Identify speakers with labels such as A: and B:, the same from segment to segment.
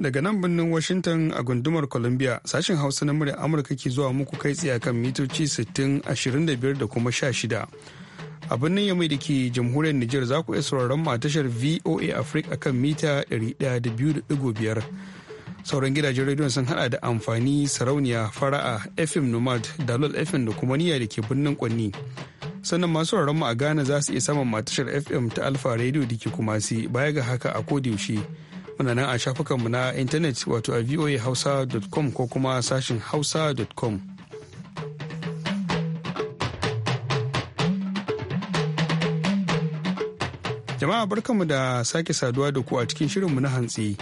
A: Daga nan birnin Washington a gundumar Columbia sashen Hausa na murya Amurka ke zuwa muku kai tsaye kan mitoci 60, da kuma 16. A birnin Yamai da ke jamhuriyar niger za ku iya sauraron mu a tashar VOA Africa kan mita 102.5. Sauran gidajen rediyon sun hada da amfani sarauniya fara'a FM Nomad, Dalol FM da kuma niyya da ke birnin Kwanni. sannan masu sauraron mu a Ghana za su iya samun matashar FM ta Alfa Radio da ke kumasi baya ga haka a yaushe. muna nan a shafukanmu na intanet wato a hausa.com ko kuma sashin hausa.com. Jama'a barkanmu da sake saduwa da ku a cikin shirinmu na hantsi.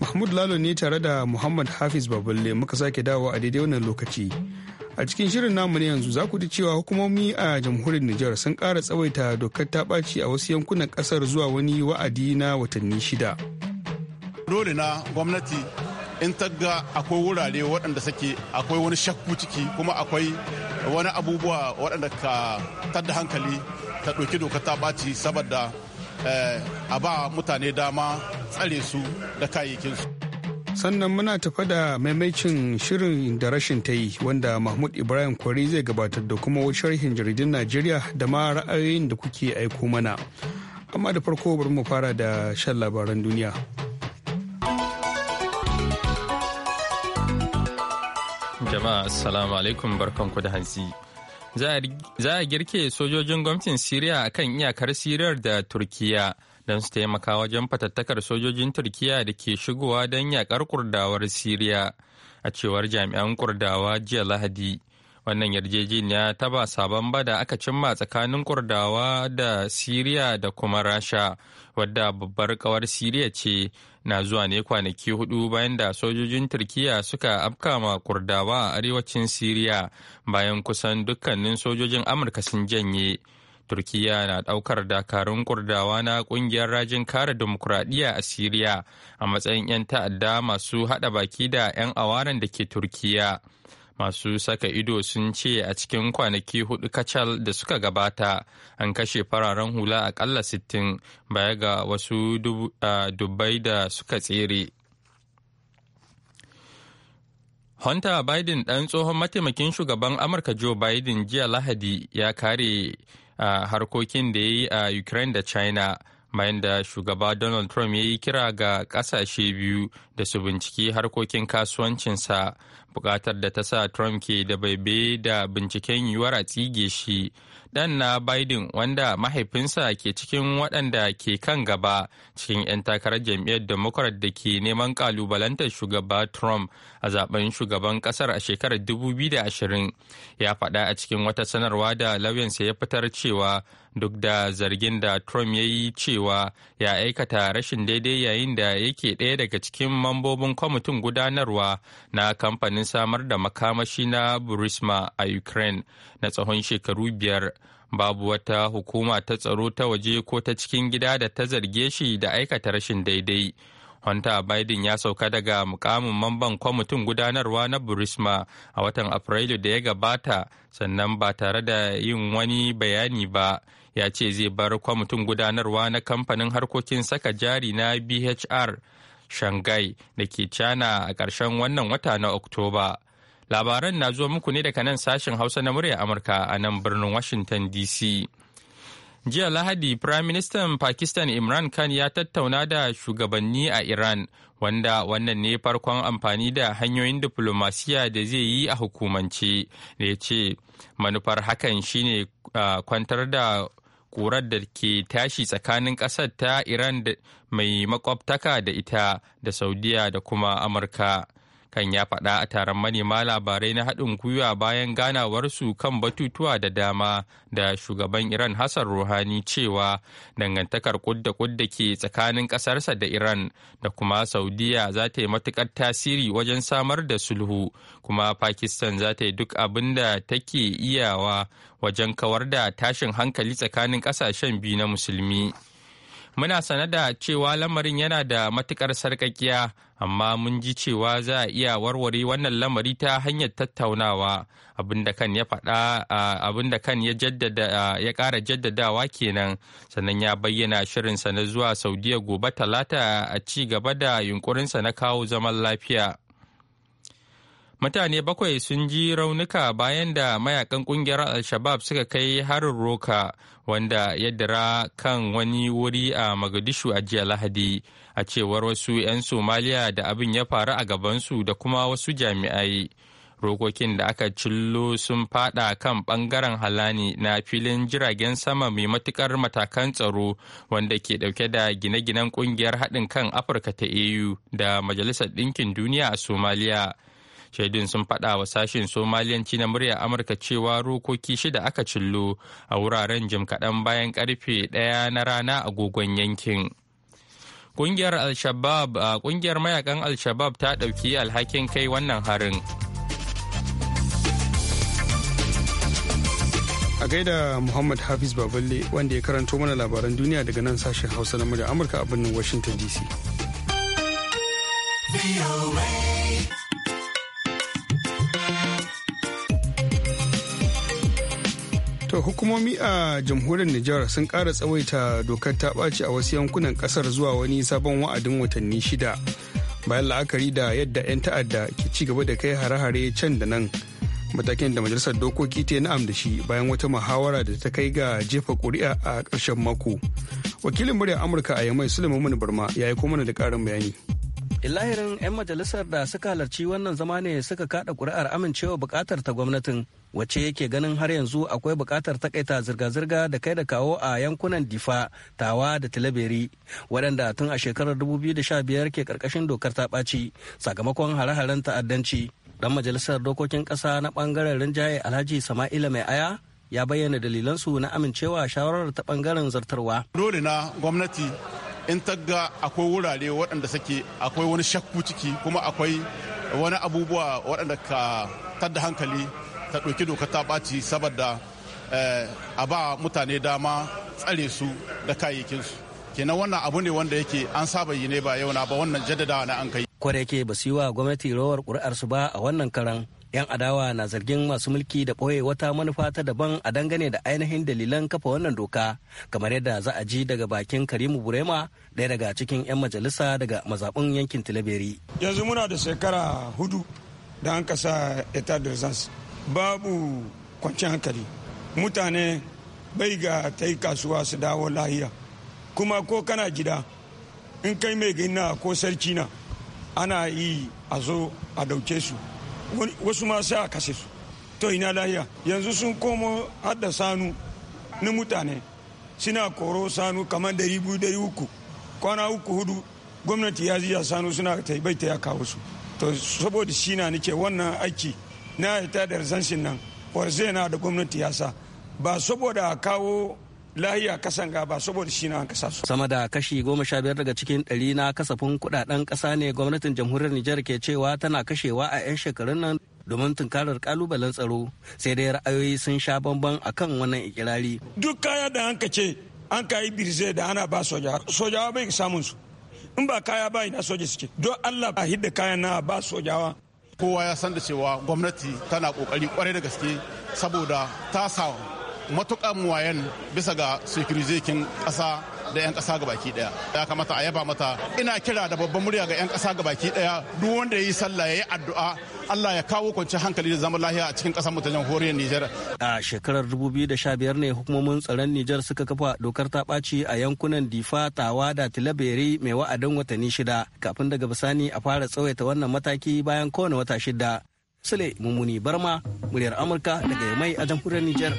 A: Mahmud Lalo ne tare da Muhammad Hafiz Baballe muka sake dawo a daidai wannan lokaci. A cikin shirin namu ne yanzu za ku ji cewa hukumomi a jamhuriyar Nijar sun kara tsawaita dokar ta ɓaci a wasu yankunan ƙasar zuwa wani wa'adi na watanni shida.
B: dole na gwamnati in tagga akwai wurare waɗanda suke akwai wani shakku ciki kuma akwai wani abubuwa waɗanda ka tadda hankali ta ɗauki doka ta ɓaci saboda eh, a ba mutane dama tsare su da kayayyakinsu.
A: sannan muna tafa da maimacin shirin da rashin ta yi wanda mahmud ibrahim kwari zai gabatar da kuma sharhin jaridun najeriya da ma ra'ayoyin da kuke aiko mana amma da farko bari mu fara da shan labaran duniya.
C: Jama'a Assalamu alaikum barkanku da hantsi. Za a girke sojojin gwamnatin Siriya a kan iyakar Siriyar da Turkiya don su taimaka wajen fatattakar sojojin Turkiya da ke shigowa don yakar kurdawar Siriya. A cewar jami'an kurdawa jiya Lahadi, wannan yarjejeniya ta ba sabon da aka cimma tsakanin kurdawa da siriya da kuma rasha wadda babbar kawar siriya ce na zuwa ne kwanaki hudu bayan da sojojin turkiya suka ma kurdawa a arewacin siriya bayan kusan dukkanin sojojin amurka sun janye turkiya na daukar dakarun kurdawa na kungiyar rajin kare demokuraɗiyya a siriya a matsayin 'yan ta'adda masu hada baki da 'yan awaran da ke turkiya masu saka ido sun ce a cikin kwanaki hudu kacal da suka gabata an kashe fararen hula akalla 60 baya ga wasu dubbai da suka tsere. Hunter Biden ɗan tsohon mataimakin shugaban Amurka Joe Biden jiya Lahadi ya kare a harkokin da ya yi a Ukraine da China. bayan da shugaba Donald Trump ya yi kira ga ƙasashe biyu da su binciki harkokin kasuwancinsa bukatar da ta sa trump ke da baibe da binciken yiwuwar a tsige shi dan na biden wanda mahaifinsa ke cikin waɗanda ke kan gaba cikin 'yan takarar jam'iyyar democrat da ke neman kalubalantar shugaba trump a zaben shugaban kasar a shekarar 2020 ya faɗa a cikin wata sanarwa da lauyansa ya fitar cewa duk da zargin da trump ya yi cewa ya aikata rashin daidai yayin da yake ɗaya daga cikin mambobin kwamitin gudanarwa na kamfanin samar da makamashi na burisma a ukraine na tsawon shekaru biyar babu wata hukuma ta tsaro ta waje ko ta cikin gida da ta zarge shi da aikata rashin daidai hunter biden ya sauka daga mukamin mamban kwamitin gudanarwa na burisma a watan afrilu da ya gabata sannan ba tare da yin wani bayani ba ya ce zai bar kwamitin gudanarwa na kamfanin harkokin saka jari na bhr shanghai da ke china a ƙarshen wannan wata na oktoba labaran na zuwa muku ne daga nan sashen hausa na murya amurka a nan birnin washington dc jiya lahadi firaministan pakistan imran khan ya tattauna da shugabanni a iran wanda wannan ne farkon amfani da hanyoyin diplomasiya da zai yi a hukumance da ya ce manufar hakan shine uh, kwantar da ƙurar da ke tashi tsakanin ƙasar ta Iran mai makwabtaka da ita da Saudiya da kuma Amurka. kan ya faɗa a taron manema labarai na haɗin gwiwa bayan ganawarsu kan batutuwa da dama da shugaban iran hassan ruhani cewa dangantakar kudda kudda ke tsakanin ƙasarsa da iran da kuma saudiya za ta yi matukar tasiri wajen samar da sulhu kuma pakistan za ta yi duk abin da take iyawa wajen kawar da tashin hankali tsakanin ƙasashen biyu na musulmi. muna sane da cewa lamarin yana da matukar sarkakiya amma mun ji cewa za a iya warware wannan lamari ta hanyar tattaunawa abinda kan ya faɗa abinda kan ya jaddada ya ƙara jaddadawa kenan sannan ya bayyana shirinsa na zuwa saudiya gobe talata a ci gaba da yunkurinsa na kawo zaman lafiya mutane bakwai sun ji raunuka bayan da mayakan kungiyar al-shabab suka kai harin roka wanda ya dira kan wani wuri a magadishu a jiya lahadi a cewar wasu 'yan somaliya da abin ya faru a gabansu da kuma wasu jami'ai rokokin da aka cillo sun fada kan bangaren halani na filin jiragen sama mai matukar matakan tsaro wanda ke dauke da gine-ginen kungiyar haɗin kan afirka ta au da majalisar ɗinkin duniya a somaliya shaidun sun faɗa wa sashen somaliyanci na murya amurka cewa rokoki shida aka cillo a wuraren jim kaɗan bayan karfe ɗaya na rana agogon yankin ƙungiyar al-shabab kungiyar mayakan al-shabab ta ɗauki alhakin kai wannan harin
A: a gaida muhammad hafiz baballe wanda ya karanto mana labaran duniya daga nan sashen hausa na murya amurka a birnin washington dc To hukumomi a jamhuriyar Nijar sun kara tsawaita dokar ta ɓaci a wasu yankunan ƙasar zuwa wani sabon wa'adin watanni shida. Bayan la'akari da yadda 'yan ta'adda ke ci gaba da kai hare-hare can da nan. Matakin da majalisar dokoki ta na'am da shi bayan wata muhawara da ta kai ga jefa ƙuri'a a ƙarshen mako. Wakilin muryar Amurka a Yamai Suleiman Barma ya yi kuma da ƙarin bayani.
D: lahirin 'yan majalisar da suka halarci wannan zama ne suka kada kuri'ar amincewa bukatar ta gwamnatin wacce yake ganin har yanzu akwai bukatar takaita zirga-zirga da kai da kawo a yankunan difa tawa da tilaberi waɗanda tun a shekarar 2015 ke karkashin dokar ta ɓaci sakamakon hare-haren ta'addanci dan majalisar dokokin ƙasa na ɓangaren rinjaye alhaji sama'ila mai aya ya bayyana dalilansu na amincewa shawarar ta ɓangaren zartarwa
B: dole na gwamnati in tagga akwai wurare waɗanda suke akwai wani shakku ciki kuma akwai wani abubuwa waɗanda ka tadda hankali ta ɗauki doka ta ɓaci saboda eh, a ba mutane dama tsare su da kayayyakinsu kenan wannan abu ne wanda yake an saba yi ne ba yau na ba wannan jaddadawa na an kai
D: kwarai ke ba yi wa gwamnati rawar ƙuri'ar su ba a wannan karan 'yan adawa na zargin masu mulki da ɓoye wata manufa ta daban a dangane da ainihin dalilan kafa wannan doka kamar yadda za a ji daga bakin karimu burema ɗaya daga cikin 'yan majalisa daga mazaɓin yankin tilaberi yanzu muna da shekara hudu da an kasa etat d'urgence babu
A: kwanciyar hankali mutane bai ga ta yi kasuwa su dawo lahiya kuma ko kana gida in kai mai gina ko sarki na ana yi a zo a dauke su wasu ma sai a kashe su to ina lahiya yanzu sun komo hada sanu na mutane suna koro sanu kamar dari biyu dari uku kwana uku hudu gwamnati ya ziya sanu suna taibaita ya kawo su to saboda shi na nake wannan aiki na ita da nan warze na da gwamnati ya sa ba saboda a kawo lahiya kasan gaba saboda
D: shi na kasa su. Sama da kashi goma sha biyar daga cikin ɗari na kasafin kuɗaɗen kasa ne gwamnatin jamhuriyar Nijar ke cewa tana kashewa a 'yan shekarun nan domin tunkarar kalubalen tsaro sai dai ra'ayoyi sun sha bamban kan wannan ikirari. Duk kaya da an kace an kayi
A: birze da ana ba soja sojawa bai samun su in ba kaya ba ina soja suke don Allah
B: ba hidda kayan na ba sojawa. Kowa ya san da cewa gwamnati tana kokari kwarai da gaske saboda ta samu matuƙa muwayen bisa ga sikirizekin ƙasa da 'yan ƙasa baki ɗaya ya kamata a yaba mata ina kira da babban murya ga 'yan ƙasa baki ɗaya duk wanda ya yi sallah ya yi addu'a Allah ya kawo kwanci hankali da zaman lahiya a cikin ƙasar mu ta jamhuriyar Nijar.
D: A shekarar 2015 ne hukumomin tsaron Nijar suka kafa dokar ta ɓaci a yankunan Difa, Tawa da Tilaberi mai wa'adin watanni shida kafin daga bisani a fara tsawaita wannan mataki bayan kowane wata shida. Sule Mummuni Barma, muryar Amurka daga Yamai a jamhuriyar Nijar.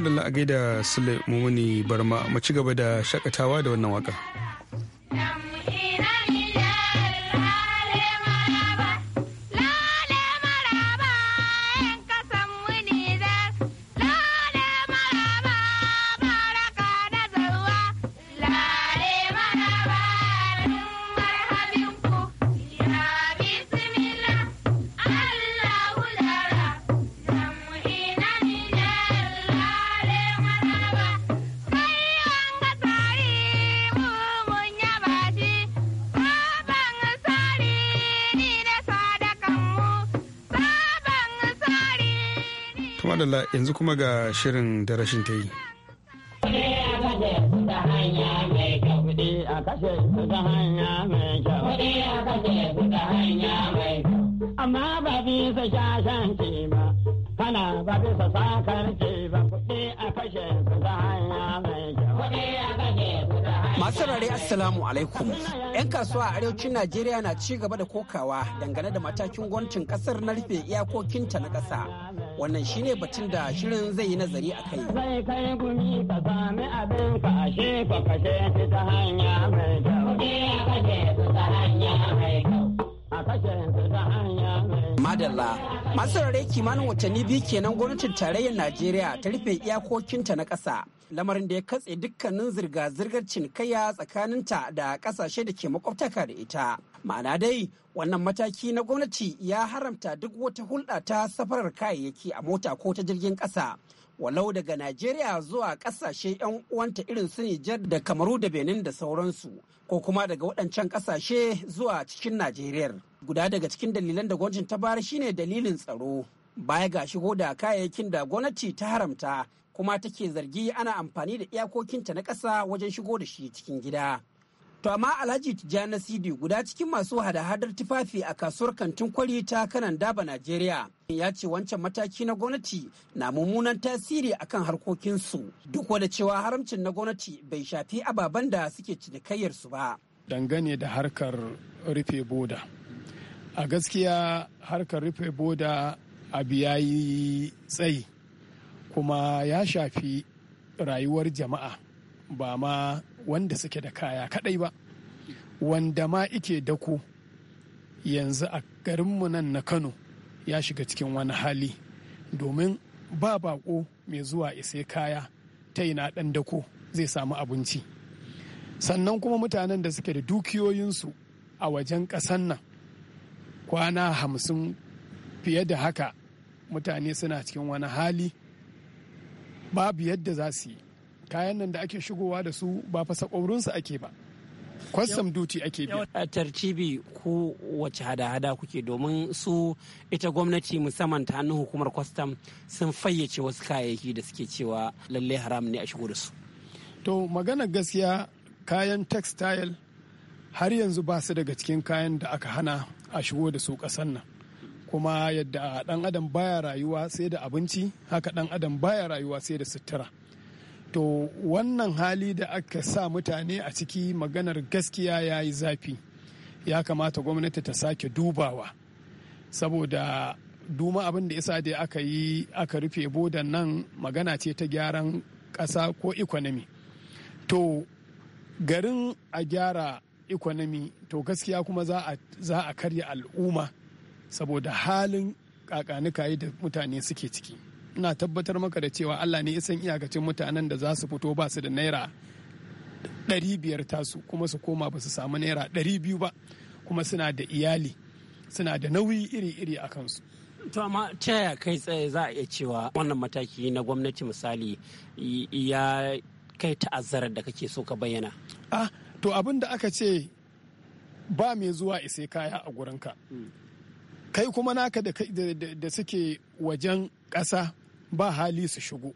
A: da la'agai da Sule Mummuni Barma, mu ci gaba da shakatawa da wannan waka. yanzu kuma ga shirin da rashin ta yi.
D: Amma ba bisa shashan ce
E: ba, kana ba bisa sakar ce ba, kuɗi a kashe su ta hanya mai kyau. Masu Assalamu alaikum. 'Yan kasuwa a arewacin Najeriya na ci gaba da kokawa dangane da matakin gwamnatin kasar na rufe iyakokinta na ƙasa. Wannan shine batun da shirin zai yi nazari a kai. Zai kai gumi ka sami abin ka ashe ka kashe ta ta hanya mai kyau. Madalla, masu rarrai kimanin watanni biyu kenan gwamnatin tarayyar Najeriya ta rufe iyakokinta na ƙasa. Lamarin da ya katse dukkanin zirga-zirgar cinikayya tsakaninta da ƙasashe da ke makwabtaka da ita. Ma'ana dai, wannan mataki na gwamnati ya haramta duk wata hulɗa ta safarar kayayyaki a mota ko ta jirgin ƙasa. walau daga Najeriya zuwa ƙasashe 'yan uwanta irin su Nijar da Kamaru da Benin da sauransu, ko kuma daga waɗancan ƙasashe zuwa cikin Najeriya. guda daga cikin dalilan da gwamnatin ta bayar shine dalilin tsaro baya ga shigo da kayayyakin da gwamnati ta haramta kuma take zargi ana amfani da iyakokinta na ƙasa wajen shigo da shi cikin gida to amma alhaji tijjani sidi guda cikin masu hada-hadar tufafi a kasuwar kantin kwari ta kanan daba najeriya ya ce wancan mataki na gwamnati na mummunan tasiri akan harkokinsu duk wada cewa haramcin na gwamnati bai shafi ababen da suke cinikayyarsu ba dangane da harkar
F: rufe boda a gaskiya harkar rufe boda abu ya yi tsayi kuma ya shafi rayuwar jama'a ba ma wanda suke da kaya kadai ba wanda ma ike dako yanzu a garinmu nan na kano ya shiga cikin wani hali domin ba bako mai zuwa isa kaya ta ina ɗan dako zai samu abinci sannan kuma mutanen da suke da dukiyoyinsu a wajen ƙasan nan kwana hamsin fiye da haka mutane suna cikin wani hali babu yadda za su yi kayan nan
E: da ake shigowa da su ba fasa ƙwaurinsu ake ba kwastam duty ake biya. A tarcibi ku wace hada-hada kuke domin su ita gwamnati musamman ta hannun hukumar kwastam sun fayyace wasu kayayyaki da suke cewa lallai haram ne a shigo da su.
F: To magana gaskiya kayan textile har yanzu ba su daga cikin kayan da aka hana a shigo da su ƙasan nan kuma yadda ɗan adam baya rayuwa sai da abinci haka ɗan adam baya rayuwa sai da sutura to wannan hali da aka sa mutane a ciki maganar gaskiya ya yi zafi ya kamata gwamnati ta sake dubawa saboda duma abin da isa da aka yi aka rufe bodan nan magana ce ta gyaran ƙasa ko ikonomi to garin a gyara economy to gaskiya kuma za a karya al'umma saboda halin kakanikaye da mutane suke ciki ina tabbatar maka da cewa allah ne isan iyakacin mutanen da za su fito ba su da naira ɗari biyar tasu kuma su koma ba su samu naira ɗari biyu ba
E: kuma suna da iyali suna da nauyi iri-iri a kansu to amma ta yaya kai tsaye za a iya cewa wannan mataki na gwamnati misali ya kai ta'azzarar da kake so ka bayyana
F: ah to abin da aka ce ba mai zuwa isai kaya a gurinka kai kuma naka da suke wajen ƙasa ba hali su shigo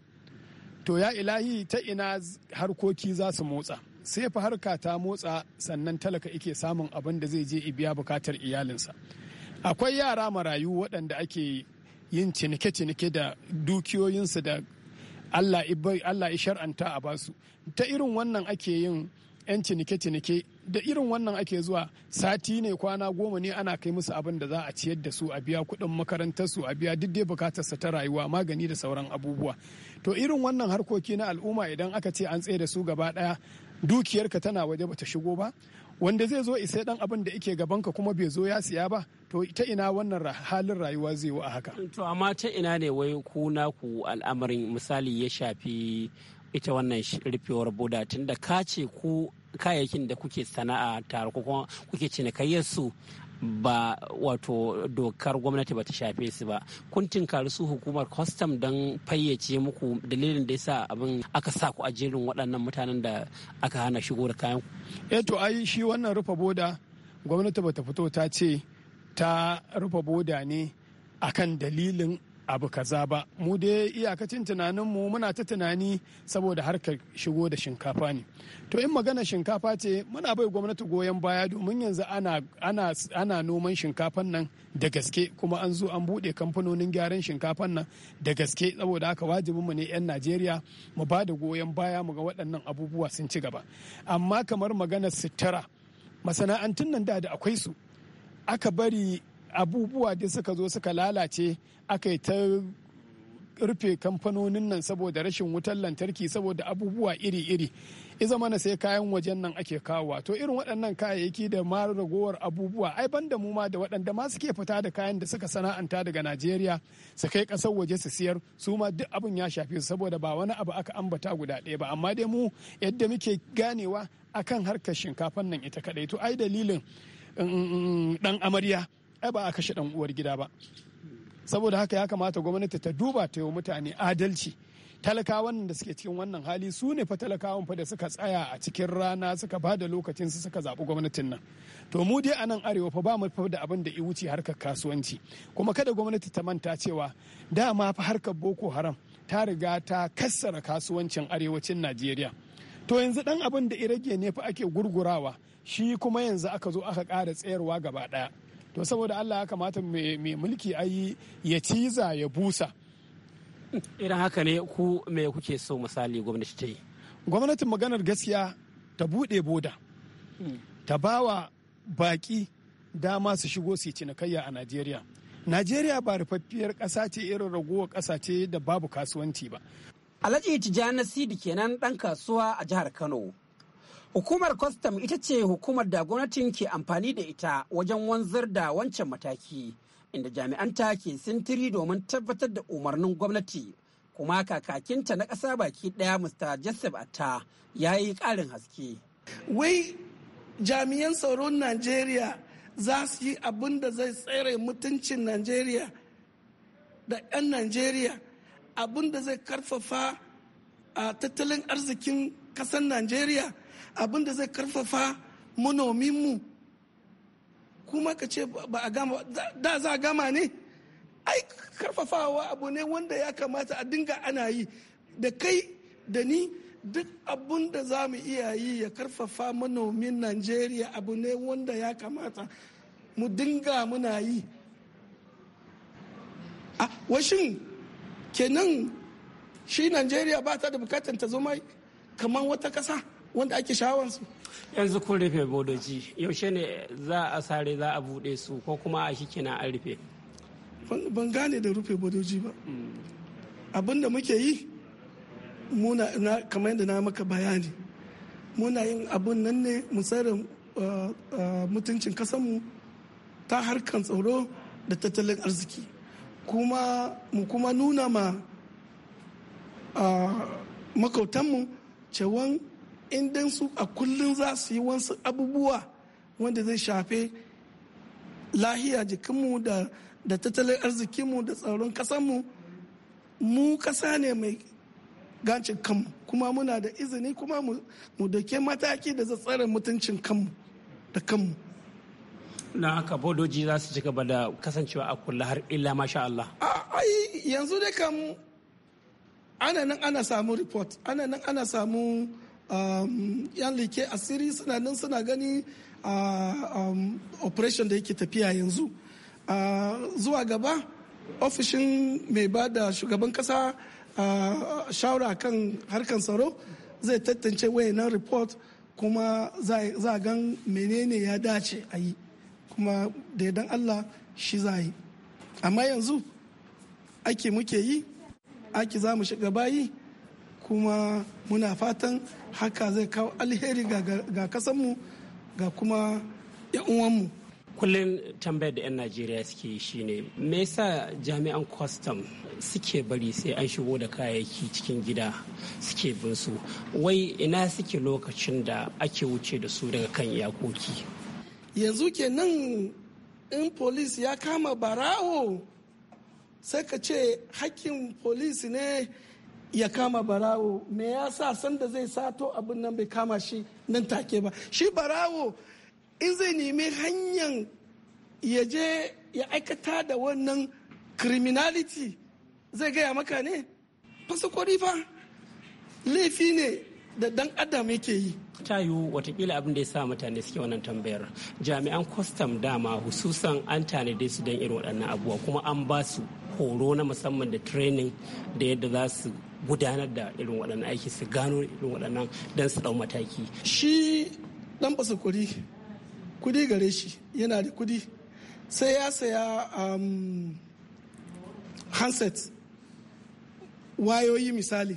F: to ya ilahi ta ina harkoki za su motsa sai fa harka ta motsa sannan talaka ike samun abin da zai je biya bukatar iyalinsa akwai yara marayu waɗanda ake yin cinike-cinike da dukiyoyinsu da allah ishar'anta shar'anta a basu ta irin wannan ake yin 'yan cinike-cinike da irin wannan ake zuwa sati ne kwana goma ne ana kai musu abin da za a ciyar da su a biya kuɗin makarantarsu a biya duk dai bukatarsa ta rayuwa magani da sauran abubuwa to irin wannan harkoki na al'umma idan aka ce an tsaye da su gaba ɗaya dukiyarka tana waje bata shigo ba wanda zai zo isai dan abin da yake ka kuma bai zo ya siya ba to ta ina wannan halin rayuwa zai yi a haka
E: to amma ta ina ne wai ku naku al'amarin misali ya shafi ita wannan rufewar boda tun da ka ce ku kayayyakin da kuke sana'a tare ko kuke cinikayyar su ba wato dokar gwamnati ba ta shafe su ba kun tinkari su hukumar kwastam don fayyace muku dalilin da yasa abin aka sa ku a jerin waɗannan mutanen da aka hana shigo da kayan eh to ai shi wannan rufe boda gwamnati
F: ba ta fito ta ce ta rufe boda ne akan dalilin abu kaza ba mu dai iyakacin tunaninmu muna ta tunani saboda harkar shigo da shinkafa ne to in magana shinkafa ce muna bai gwamnati goyon baya domin yanzu ana, noman shinkafan nan da gaske kuma an zo an buɗe kamfanonin gyaran shinkafan nan da gaske saboda haka wajibinmu ne 'yan najeriya mu ba da goyon baya mu ga waɗannan abubuwa sun ci gaba amma kamar magana sutura masana'antun nan da da akwai su aka bari abubuwa da suka zo suka lalace aka yi ta rufe kamfanonin nan saboda rashin wutar lantarki saboda abubuwa iri-iri zama mana sai kayan wajen nan ake kawowa to irin waɗannan kayayyaki da ma ragowar abubuwa ai ban da mu ma da waɗanda ma suke fita da kayan da suka sana'anta daga najeriya su kai ƙasar waje su siyar su ma duk abin ya shafi su saboda ba wani abu aka ambata guda ɗaya ba amma dai mu yadda muke ganewa akan harkar shinkafan nan ita kaɗai to ai dalilin mm, mm, mm, ɗan amarya ai ba a kashe dan uwar gida ba saboda haka ya kamata gwamnati ta duba ta yi mutane adalci talakawan da suke cikin wannan hali su ne fa talakawan fa da suka tsaya a cikin rana suka ba da lokacin su suka zaɓi gwamnatin nan to mu dai a nan arewa fa ba mu fa da abin da i wuce harkar kasuwanci kuma kada gwamnati ta manta cewa dama fa harkar boko haram ta riga ta kassara kasuwancin arewacin najeriya to yanzu dan abin da i rage ne fa ake gurgurawa shi kuma yanzu aka zo aka ƙara tsayarwa gaba ɗaya to saboda allah ya kamata mai mulki ayi ya ciza ya busa
E: irin haka ne ku me kuke so misali gwamnati ta yi gwamnatin maganar gaskiya ta bude boda hmm. ta bawa baki
F: dama su shigo su cinikayya a najeriya najeriya ba rufaffiyar ƙasa ce irin
E: raguwa ƙasa ce da babu kasuwanci ba alhaji tijjani sidi kenan ɗan kasuwa a jihar kano Hukumar kwastam ita ce hukumar da gwamnatin ke amfani da ita wajen wanzar da wancan mataki, inda jami'anta ke sintiri domin tabbatar da umarnin gwamnati. Kuma kakakinta na ƙasa baki ɗaya Mr. Joseph Atta
G: ya yi ƙarin haske. Wai jami'an tsaron Najeriya za su yi abin da zai tsere mutuncin Najeriya da 'yan Najeriya abin da zai karfafa a tattalin arzikin ƙasar Najeriya. abin da zai karfafa manominmu kuma ka ce ba a gama da za a gama ne ai karfafawa abu ne wanda ya kamata a dinga ana yi da kai da ni duk abun da za mu iya yi ya karfafa manomin najeriya abu ne wanda ya kamata mu dinga muna yi a washin kenan shi najeriya ba ta da bukatar ta zama kamar wata kasa wanda ake shawansu
E: yanzu kun rufe bodoji yaushe ne za a sare za a bude su ko kuma a shi kina an rufe
G: ban gane da rufe bodoji ba abin da muke yi muna kamar yadda na maka bayani muna yin abun nan ne mu uh, uh, mutuncin kasanmu ta harkar tsaro da tattalin arziki kuma mu kuma nuna ma uh, makautanmu cewan Indan su a kullum za su yi wasu abubuwa wanda zai shafe lahiya jikinmu da da tattalin arzikinmu da tsaron kasanmu mu kasa ne mai gancin kanmu kuma muna da izini kuma mu dake mataki da tsare mutuncin kanmu da kanmu
E: na haka bodoji za su ci gaba da kasancewa a kulla har illa masha Allah.
G: ai yanzu dai kam ana nan ana samu report ana nan ana samu Um, yan leke asiri suna nan suna gani um, operation da yake tafiya yanzu zuwa gaba ofishin mai ba da shugaban kasa shawara kan harkar tsaro zai tantance nan report kuma za a gan menene ya dace a yi kuma da dan allah shi za a yi amma yanzu ake muke yi ake za mu shiga bayi kuma muna fatan haka zai kawo alheri ga kasanmu ga kuma uwanmu.
E: kullum tambayar da 'yan najeriya suke shi ne me yasa jami'an kwastam suke bari sai an shigo da kayayyaki cikin gida suke bin su wai ina suke lokacin da ake wuce da su daga kan yakoki.
G: yanzu kenan in polis ya kama barawo sai ka ce hakkin polis ne ya kama barawo me yasa sanda zai sato abin nan bai kama shi nan take ba shi barawo in zai nemi hanyar ya je ya aikata da wannan criminality zai gaya maka ne fasakwari fa laifi ne da dan
E: adam yake yi ta yiwu watakila abin da ya sa mutane suke wannan tambayar jami'an kwastam dama hususan an tanade su don irin waɗannan abubuwa kuma an ba su horo na musamman da training da yadda za su gudanar da irin waɗannan aiki su gano irin waɗannan
G: don su ɗau mataki. Shi ɗan fasa kuri, kudi gare shi yana da kudi sai ya saya um, handset wayoyi misali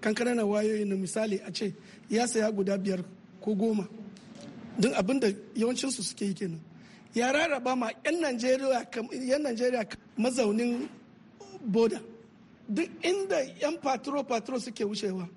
G: kankana na wayoyi na misali a ce ya saya guda biyar ko goma don abin da yawancinsu suke yi kenan ya rarraba ma 'yan najeriya mazaunin boda duk inda yan patro patro suke wucewa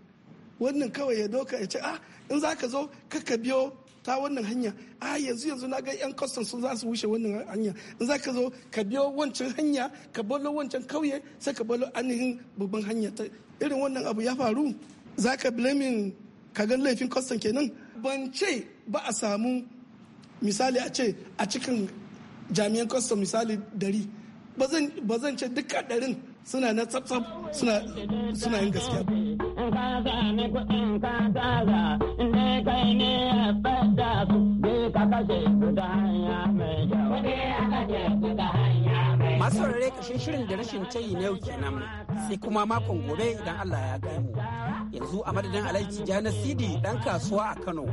G: wannan kawai ya doka ya ce ah in za ka zo ka biyo ta wannan hanya a ah, yanzu yanzu na ga yan kwastan sun za su wuce wannan hanya in za ka zo ka biyo wancan hanya ka balo wancan kauye sai ka balo ainihin babban hanya ta irin wannan abu ya faru za ka blamin ka gan laifin kwastan kenan ban ce ba a samu misali a ce a cikin jami'an kwastan misali dari ba zan ce duka ɗarin suna na tsabtsab suna yin gaskiya
E: masu rarre kashin shirin da rashin tayi na yau kenan sai kuma makon gobe idan Allah ya kai mu yanzu a madadin alaiki jana sidi dan kasuwa a kano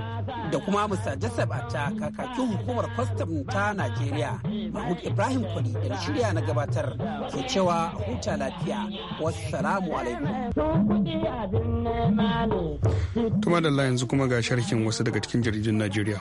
E: da kuma musa jasab a ta kakakin hukumar kwastam ta najeriya mahmud ibrahim kwari da shirya na gabatar ke cewa huta lafiya wassalamu alaikum tuma
A: da yanzu kuma ga sharhin wasu daga cikin jaridun najeriya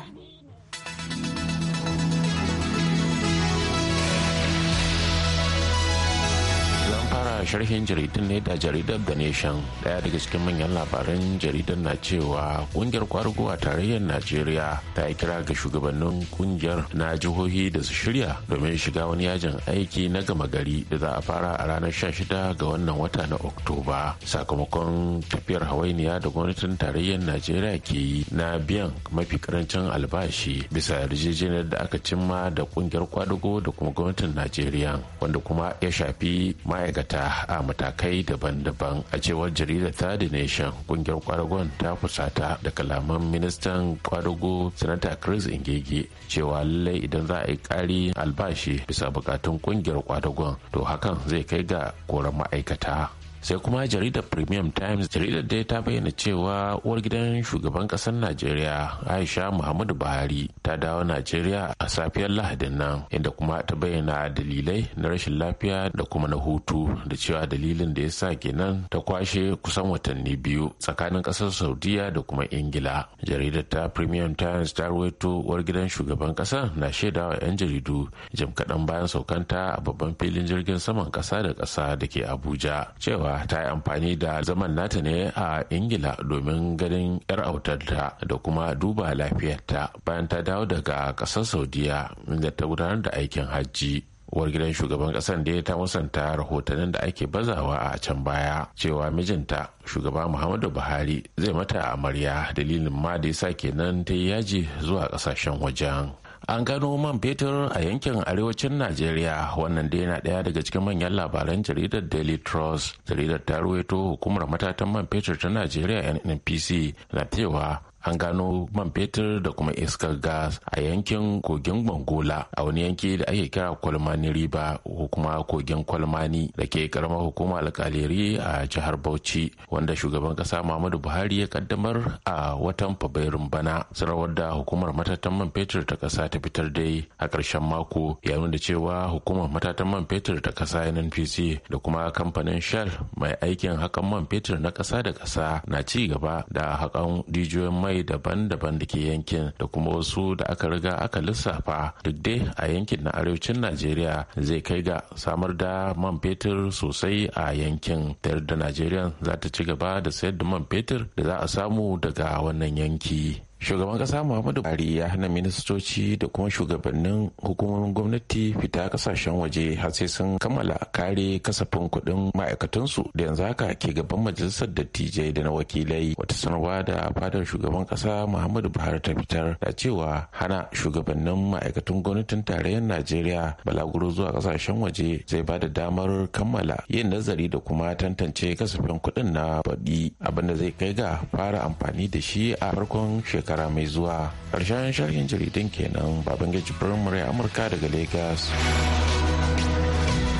H: sharhin jaridun ne da jaridar the nation daya daga cikin manyan labaran jaridar na cewa kungiyar a tarayyar najeriya ta yi kira ga shugabannin kungiyar na jihohi da su shirya domin shiga wani yajin aiki na gama gari da za a fara a ranar 16 ga wannan wata na oktoba sakamakon tafiyar hawainiya da gwamnatin tarayyar najeriya ke yi na biyan mafi karancin albashi bisa yarjejeniyar da aka cimma da kungiyar kwadugo da kuma gwamnatin najeriya wanda kuma ya shafi ma'aikata a matakai daban-daban a cewar jaridar third nation kungiyar kwadagon ta fusata da kalaman ministan kwadago sanata chris ingege cewa lallai idan za a yi kari albashi bisa bukatun kungiyar kwadagon to hakan zai kai ga koran ma'aikata sai kuma jaridar premium times jaridar da ta bayyana cewa uwar gidan shugaban kasar najeriya aisha muhammadu buhari ta dawo najeriya a safiyar lahadin nan inda kuma ta bayyana dalilai na rashin lafiya da kuma na hutu da cewa dalilin da ya sa kenan ta kwashe kusan watanni biyu tsakanin kasar saudiya da kuma ingila jaridar ta premium times ta ruwaito uwar gidan shugaban kasar na shaida wa 'yan jaridu jim kaɗan bayan saukanta a babban filin jirgin saman kasa da kasa da ke abuja cewa ta yi amfani da zaman nata ne a ingila domin ganin 'yar autar ta da kuma duba lafiyarta bayan ta dawo daga ƙasar saudiya inda ta gudanar da aikin hajji uwar gidan shugaban kasan da ta musanta rahotannin da ake bazawa a can baya cewa mijinta shugaba muhammadu buhari zai mata amarya dalilin ma da ya sa kenan ta yi yaji zuwa kasashen wajen an gano man fetur a yankin arewacin najeriya wannan dai yana daya daga cikin manyan labaran jaridar daily trust jaridar ta ruwaito hukumar matatan man fetur ta najeriya nnpc na cewa an gano man fetur da kuma iskar gas a yankin kogin bangola a wani yanki da ake kira kwalmani riba ko kuma kogin kwalmani da ke karamar hukumar alkaliri a jihar bauchi wanda shugaban kasa muhammadu buhari ya kaddamar a watan fabrairun bana sarawar da hukumar matatan man fetur ta kasa ta fitar dai a karshen mako ya nuna cewa hukumar matatan man fetur ta kasa nnpc da kuma kamfanin shell mai aikin hakan man fetur na kasa da kasa na ci gaba da hakan dijiyoyin mai mai daban-daban da ke yankin da kuma wasu da aka riga aka lissafa duk dai a yankin na arewacin najeriya zai kai ga samar da man fetur sosai a yankin da yadda najeriya za ta ci gaba da sayar da man fetur da za a samu daga wannan yanki shugaban kasa muhammadu buhari ya hana ministoci da kuma shugabannin hukumomin gwamnati fita kasashen waje har sai sun kammala kare kasafin kuɗin ma'aikatansu da yanzu haka ke gaban majalisar dattijai da na wakilai wata sanarwa da fadar shugaban kasa muhammadu buhari ta fitar da cewa hana shugabannin ma'aikatan gwamnatin tarayyar najeriya balaguro zuwa kasashen waje zai ba da damar kammala yin nazari da kuma tantance kasafin kuɗin na baɗi abinda zai kai ga fara amfani da shi a farkon shekara shekara mai zuwa ƙarshen sharhin jaridun kenan babangeji primary amurka daga lagos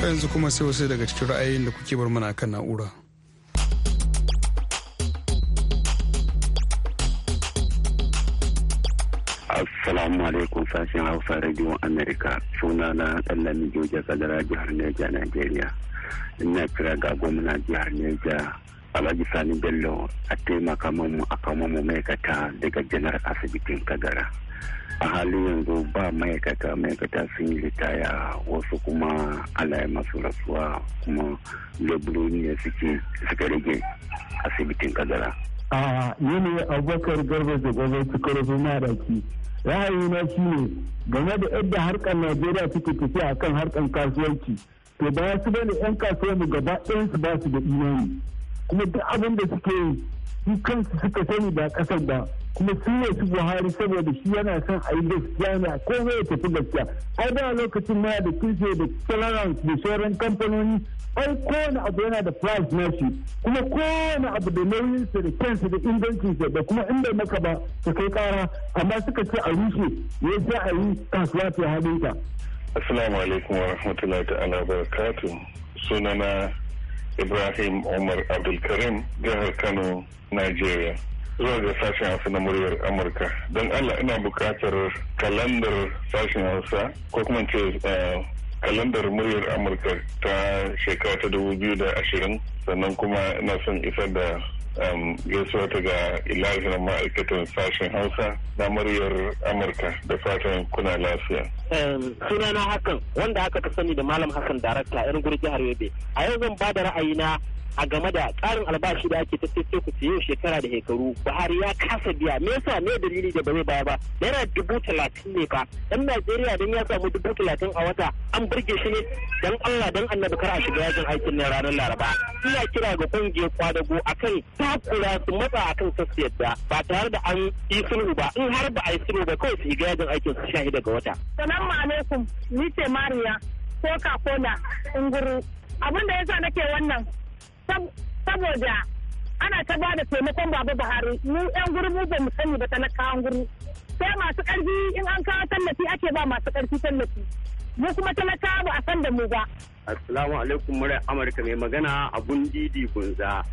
H: yanzu kuma sai wasu daga cikin ra'ayin da kuke bar
A: mana kan na'ura
H: Assalamu alaikum sashen Hausa Radio
D: America suna na Dallami Joja Kadara jihar Neja nigeria Ina kira ga gwamna jihar Neja alhaji sani bello a taimaka mamu a kama mu ma'aikata daga janar asibitin kagara a halin yanzu ba ma'aikata ma'aikata sun yi ritaya wasu kuma alaye masu rasuwa kuma lebulu
A: ne suke suka rage asibitin kagara a ne ne abubakar garba da gwamnati cikin maraki ra'ayina shi ne game da yadda harkar
D: najeriya suke tafiya akan harkar kasuwanci to ba su bane yan kasuwa mu gaba ɗayan su ba su da imani kuma duk abin da suke yi su kansu suka sani ba kasar ba kuma su yi su buhari saboda shi yana son a yi gaskiya ne ko ya tafi gaskiya ai da lokacin ma da kirse da tolerance da sauran kamfanoni ai kowane abu yana da price na shi kuma kowane abu da nauyinsa da kyansa da ingancinsa da kuma inda maka ba ta kai kara amma suka ce a rushe ya sa a yi kasuwa ta ka.
A: Assalamu alaikum wa rahmatullahi ta'ala barakatu sunana Ibrahim Umar Abdulkarim jihar Kano, Nigeria. Zuwa ga sashen Hausa na muryar Amurka. Don Allah ina buƙatar kalandar sashen Hausa ko kuma ce eh, kalandar muryar Amurka ta shekara ta dubu biyu da ashirin sannan kuma ina son isar da gaisuwa ta ga ilahirin ma'aikatan
E: sashen hausa na muryar amurka da fatan kuna lafiya.
D: sunana hakan wanda aka ta sani da malam hakan darakta irin gurgi jihar a yau zan ba da ra'ayina a game da tsarin albashi da ake tattace ku yau shekara da shekaru Buhari ya kasa biya me yasa me dalili da ba zai baya ba yana dubu talatin ne fa dan Najeriya dan ya samu dubu talatin a wata an burge shi ne dan Allah dan Annabi kar a shiga yajin aikin nan ranar Laraba ina kira ga kungiyar kwadago akan takura su matsa akan sassu yadda ba tare da an yi sulhu ba in har ba a yi sulhu ba kawai su shiga yajin aikin su shahida daga wata. Salamu alaikum ni ce Mariya Coca-Cola Inguru abin da yasa nake wannan saboda ana ta ba da taimakon babu buhari mu yan gurbu ba mu sani ba talakawan gurbu sai masu karfi in an kawo tallafi ake ba masu karfi tallafi mu kuma talakawa ba a san da mu ba assalamu alaikum murai amurka mai magana abun didi gunza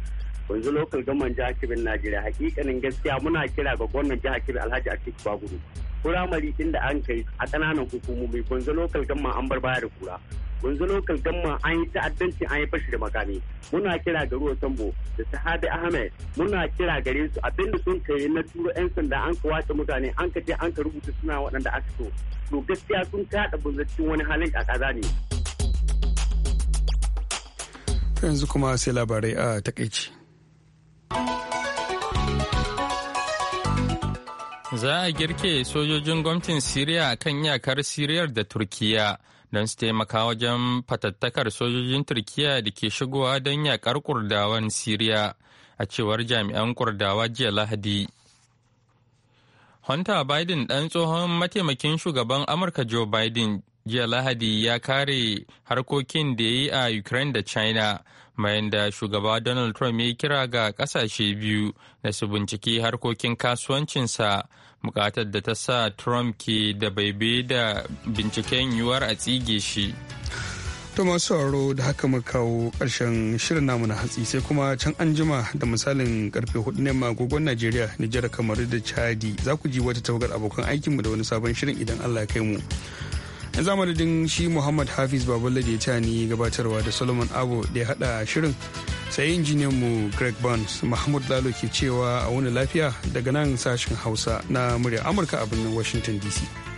D: yanzu lokal gaman jihar kebbi najeriya hakikanin gaskiya muna kira ga gwamnan jihar kebbi alhaji atiku kura mari inda an kai a kananan hukumomi gunza lokal gaman an bar baya da kura wanzu lokal gamma an yi ta'addanci an yi fashi da makami muna kira ga ruwa tambo da sahabi ahmed muna kira gare su abinda sun kai na turo yan sanda an ka wace mutane an ka je an ka rubuta suna waɗanda aka so to gaskiya sun kaɗa bunzacin wani halin a kaza ne.
A: yanzu kuma sai labarai a takaici.
C: Za a girke sojojin gwamnatin Siriya kan yakar Siriyar da Turkiyya. don su taimaka wajen fatattakar sojojin turkiya da ke shigowa don yakar kurdawan siriya a cewar jami'an kurdawa jiya lahadi hunter biden ɗan tsohon mataimakin shugaban amurka joe biden jiya lahadi ya kare harkokin da ya yi a ukraine da china bayan da shugaba donald trump ya kira ga kasashe biyu da su binciki harkokin kasuwancinsa bukatar da ta sa trump ke da baibe da binciken yiwuwar a tsige shi
A: to masu da haka muka kawo karshen shirin namu na hatsi sai kuma can an jima da misalin karfe hudu ne agogon najeriya nijar kamar da chadi za ku ji wata tawagar abokan aikinmu da wani sabon shirin idan allah kai mu yan zamanadin shi muhammad hafiz babalade ta ni gabatarwa da solomon abu da ya hada shirin sai injiniyan mu greg burns mahmud lalo ke cewa a wani lafiya daga nan sashen hausa na murya amurka a birnin washington dc